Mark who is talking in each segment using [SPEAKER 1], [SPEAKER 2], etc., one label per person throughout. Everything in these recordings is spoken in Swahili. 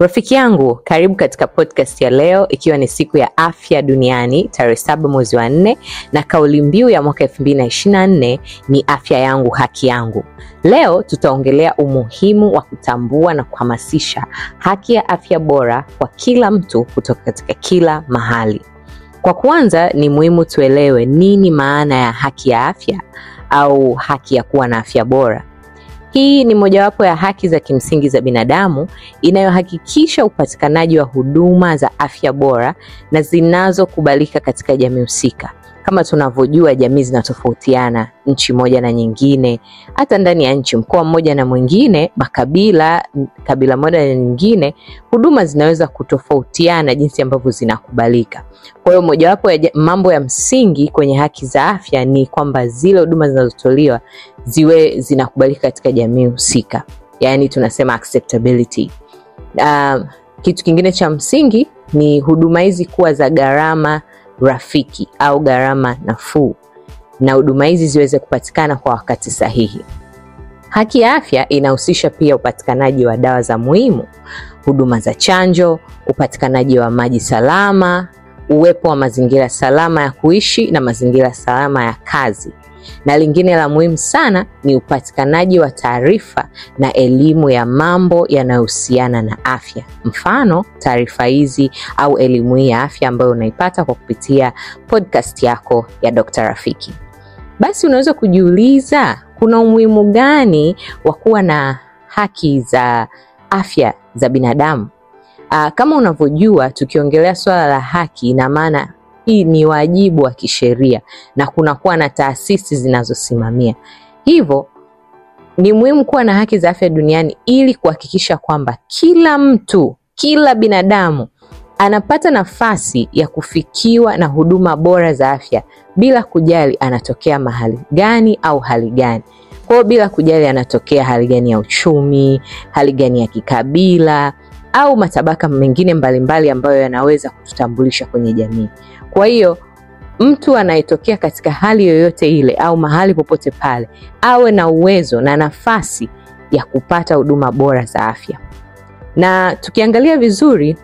[SPEAKER 1] Rafiki yangu, karibu katika podcast ya leo, ikiwa ni siku ya afya duniani tarehe saba mwezi wa nne, na kauli mbiu ya mwaka nne ni afya yangu haki yangu. Leo tutaongelea umuhimu wa kutambua na kuhamasisha haki ya afya bora kwa kila mtu kutoka katika kila mahali. Kwa kwanza, ni muhimu tuelewe nini maana ya haki ya afya au haki ya kuwa na afya bora. Hii ni mojawapo ya haki za kimsingi za binadamu inayohakikisha upatikanaji wa huduma za afya bora na zinazokubalika katika jamii husika. Kama tunavyojua jamii zinatofautiana nchi moja na nyingine, hata ndani ya nchi, mkoa mmoja na mwingine, makabila, kabila moja na nyingine, huduma zinaweza kutofautiana jinsi ambavyo zinakubalika. Kwa hiyo mojawapo ya mambo ya msingi kwenye haki za afya ni kwamba zile huduma zinazotolewa ziwe zinakubalika katika jamii husika, yaani tunasema acceptability. Uh, kitu kingine cha msingi ni huduma hizi kuwa za gharama rafiki au gharama nafuu na huduma hizi ziweze kupatikana kwa wakati sahihi. Haki ya afya inahusisha pia upatikanaji wa dawa za muhimu, huduma za chanjo, upatikanaji wa maji salama, uwepo wa mazingira salama ya kuishi na mazingira salama ya kazi, na lingine la muhimu sana ni upatikanaji wa taarifa na elimu ya mambo yanayohusiana na afya. Mfano, taarifa hizi au elimu hii ya afya ambayo unaipata kwa kupitia podcast yako ya Dr. Rafiki. Basi unaweza kujiuliza kuna umuhimu gani wa kuwa na haki za afya za binadamu? Aa, ah, kama unavyojua tukiongelea swala la haki ina maana hii ni wajibu wa kisheria na kunakuwa na taasisi zinazosimamia hivyo. Ni muhimu kuwa na haki za afya duniani ili kuhakikisha kwamba kila mtu, kila binadamu anapata nafasi ya kufikiwa na huduma bora za afya bila kujali anatokea mahali gani au hali gani. Kwa bila kujali anatokea hali gani ya uchumi, hali gani ya kikabila au matabaka mengine mbalimbali ambayo yanaweza kututambulisha kwenye jamii. Kwa hiyo mtu anayetokea katika hali yoyote ile au mahali popote pale awe na uwezo na nafasi ya kupata huduma bora za afya. Na tukiangalia vizuri,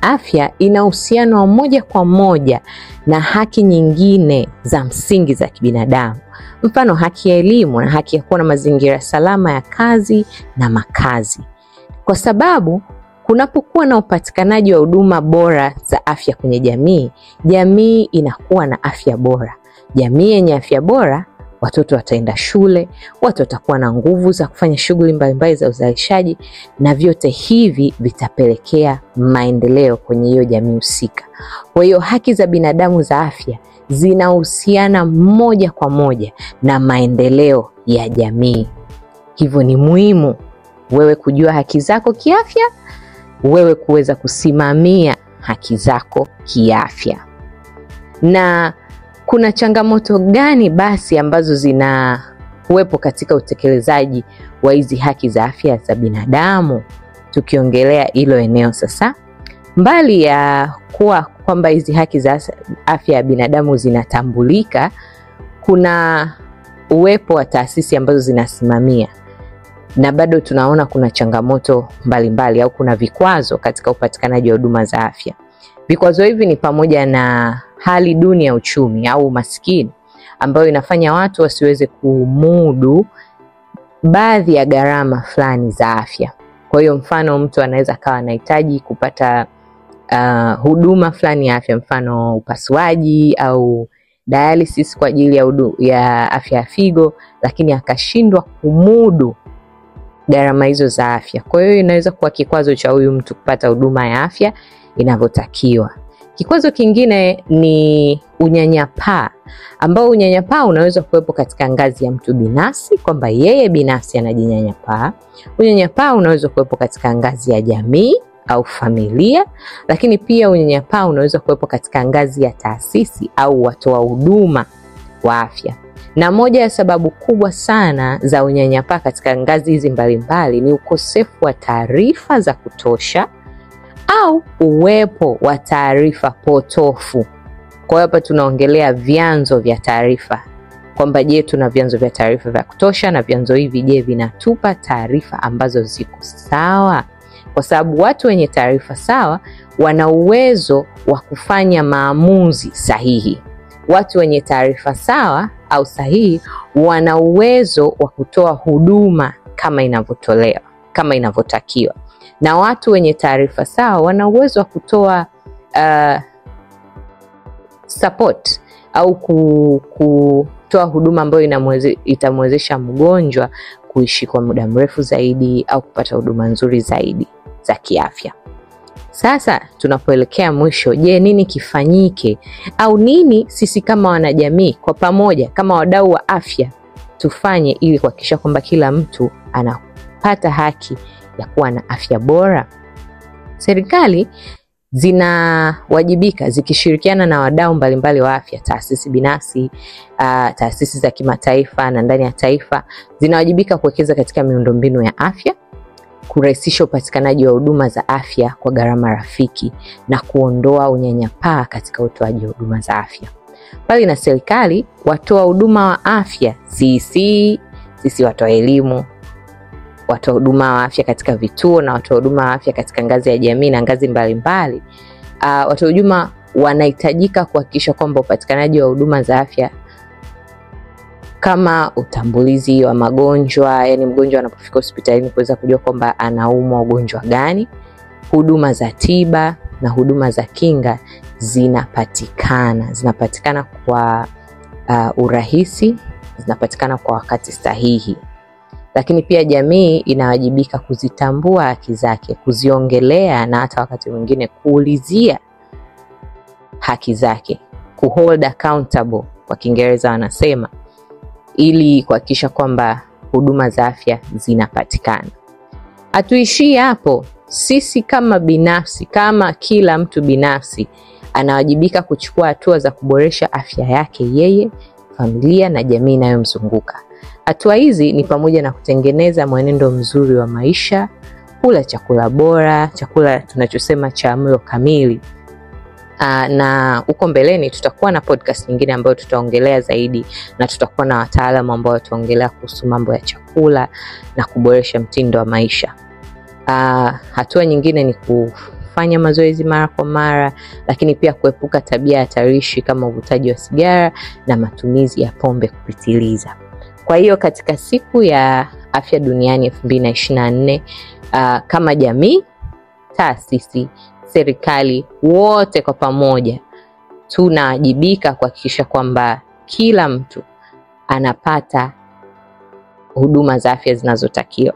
[SPEAKER 1] afya ina uhusiano wa moja kwa moja na haki nyingine za msingi za kibinadamu, mfano haki ya elimu na haki ya kuwa na mazingira salama ya kazi na makazi, kwa sababu Kunapokuwa na upatikanaji wa huduma bora za afya kwenye jamii, jamii inakuwa na afya bora. Jamii yenye afya bora, watoto wataenda shule, watu watakuwa na nguvu za kufanya shughuli mbalimbali za uzalishaji, na vyote hivi vitapelekea maendeleo kwenye hiyo jamii husika. Kwa hiyo haki za binadamu za afya zinahusiana moja kwa moja na maendeleo ya jamii. Hivyo ni muhimu wewe kujua haki zako kiafya wewe kuweza kusimamia haki zako kiafya. Na kuna changamoto gani basi ambazo zinakuwepo katika utekelezaji wa hizi haki za afya za binadamu? Tukiongelea hilo eneo sasa, mbali ya kuwa kwamba hizi haki za afya ya binadamu zinatambulika, kuna uwepo wa taasisi ambazo zinasimamia na bado tunaona kuna changamoto mbalimbali mbali, au kuna vikwazo katika upatikanaji wa huduma za afya. Vikwazo hivi ni pamoja na hali duni ya uchumi au umaskini ambayo inafanya watu wasiweze kumudu baadhi ya gharama fulani za afya. Kwa hiyo mfano, mtu anaweza akawa anahitaji kupata uh, huduma fulani ya afya, mfano upasuaji au dialysis kwa ajili ya, ya afya ya figo, lakini akashindwa kumudu gharama hizo za afya. Kwa hiyo inaweza kuwa kikwazo cha huyu mtu kupata huduma ya afya inavyotakiwa. Kikwazo kingine ni unyanyapaa, ambao unyanyapaa unaweza kuwepo katika ngazi ya mtu binafsi, kwamba yeye binafsi anajinyanyapaa. Unyanyapaa unaweza kuwepo katika ngazi ya jamii au familia, lakini pia unyanyapaa unaweza kuwepo katika ngazi ya taasisi au watoa huduma wa afya na moja ya sababu kubwa sana za unyanyapaa katika ngazi hizi mbalimbali ni ukosefu wa taarifa za kutosha au uwepo wa taarifa potofu. Kwa hiyo hapa tunaongelea vyanzo vya taarifa kwamba je, tuna vyanzo vya taarifa vya kutosha, na vyanzo hivi je, vinatupa taarifa ambazo ziko sawa? Kwa sababu watu wenye taarifa sawa wana uwezo wa kufanya maamuzi sahihi. Watu wenye taarifa sawa au sahihi, wana uwezo wa kutoa huduma kama inavyotolewa, kama inavyotakiwa, na watu wenye taarifa sawa wana uwezo wa kutoa uh, support au kutoa huduma ambayo itamwezesha mgonjwa kuishi kwa muda mrefu zaidi au kupata huduma nzuri zaidi za kiafya. Sasa tunapoelekea mwisho, je, nini kifanyike au nini sisi kama wanajamii kwa pamoja kama wadau wa afya tufanye ili kuhakikisha kwamba kila mtu anapata haki ya kuwa na afya bora? Serikali zinawajibika zikishirikiana na wadau mbalimbali wa afya, taasisi binafsi, uh, taasisi za kimataifa na ndani ya taifa zinawajibika kuwekeza katika miundombinu ya afya kurahisisha upatikanaji wa huduma za afya kwa gharama rafiki na kuondoa unyanyapaa katika utoaji wa huduma za afya. Mbali na serikali, watoa huduma wa afya sisi e sisi watoa elimu, watoa huduma wa afya katika vituo na watoa huduma wa afya katika ngazi ya jamii na ngazi mbalimbali, uh, watoa huduma wanahitajika kuhakikisha kwamba upatikanaji wa huduma za afya kama utambulizi wa magonjwa, yani mgonjwa anapofika hospitalini kuweza kujua kwamba anaumwa ugonjwa gani. Huduma za tiba na huduma za kinga zinapatikana, zinapatikana kwa uh, urahisi, zinapatikana kwa wakati sahihi. Lakini pia jamii inawajibika kuzitambua haki zake, kuziongelea na hata wakati mwingine kuulizia haki zake, kuhold accountable kwa Kiingereza wanasema ili kuhakikisha kwamba huduma za afya zinapatikana. Hatuishii hapo, sisi kama binafsi, kama kila mtu binafsi anawajibika kuchukua hatua za kuboresha afya yake yeye, familia na jamii inayomzunguka. Hatua hizi ni pamoja na kutengeneza mwenendo mzuri wa maisha, kula chakula bora, chakula tunachosema cha mlo kamili uh, na huko mbeleni tutakuwa na podcast nyingine ambayo tutaongelea zaidi, na tutakuwa na wataalamu ambao wataongelea kuhusu mambo ya chakula na kuboresha mtindo wa maisha. Uh, hatua nyingine ni kufanya mazoezi mara kwa mara, lakini pia kuepuka tabia ya tarishi kama uvutaji wa sigara na matumizi ya pombe kupitiliza. Kwa hiyo katika siku ya afya duniani elfu mbili na ishirini na nne, uh, kama jamii, taasisi serikali, wote kwa pamoja tunawajibika kuhakikisha kwamba kila mtu anapata huduma za afya zinazotakiwa.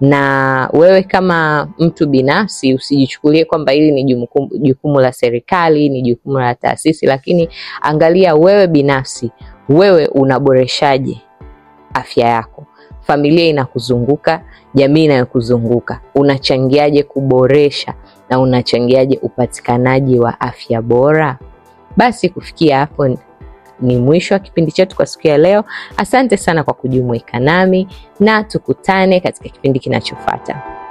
[SPEAKER 1] Na wewe kama mtu binafsi usijichukulie kwamba hili ni jukumu la serikali, ni jukumu la taasisi, lakini angalia wewe binafsi, wewe unaboreshaje afya yako? Familia inakuzunguka, jamii inayokuzunguka, unachangiaje kuboresha na unachangiaje upatikanaji wa afya bora? Basi kufikia hapo ni mwisho wa kipindi chetu kwa siku ya leo. Asante sana kwa kujumuika nami na tukutane katika kipindi kinachofuata.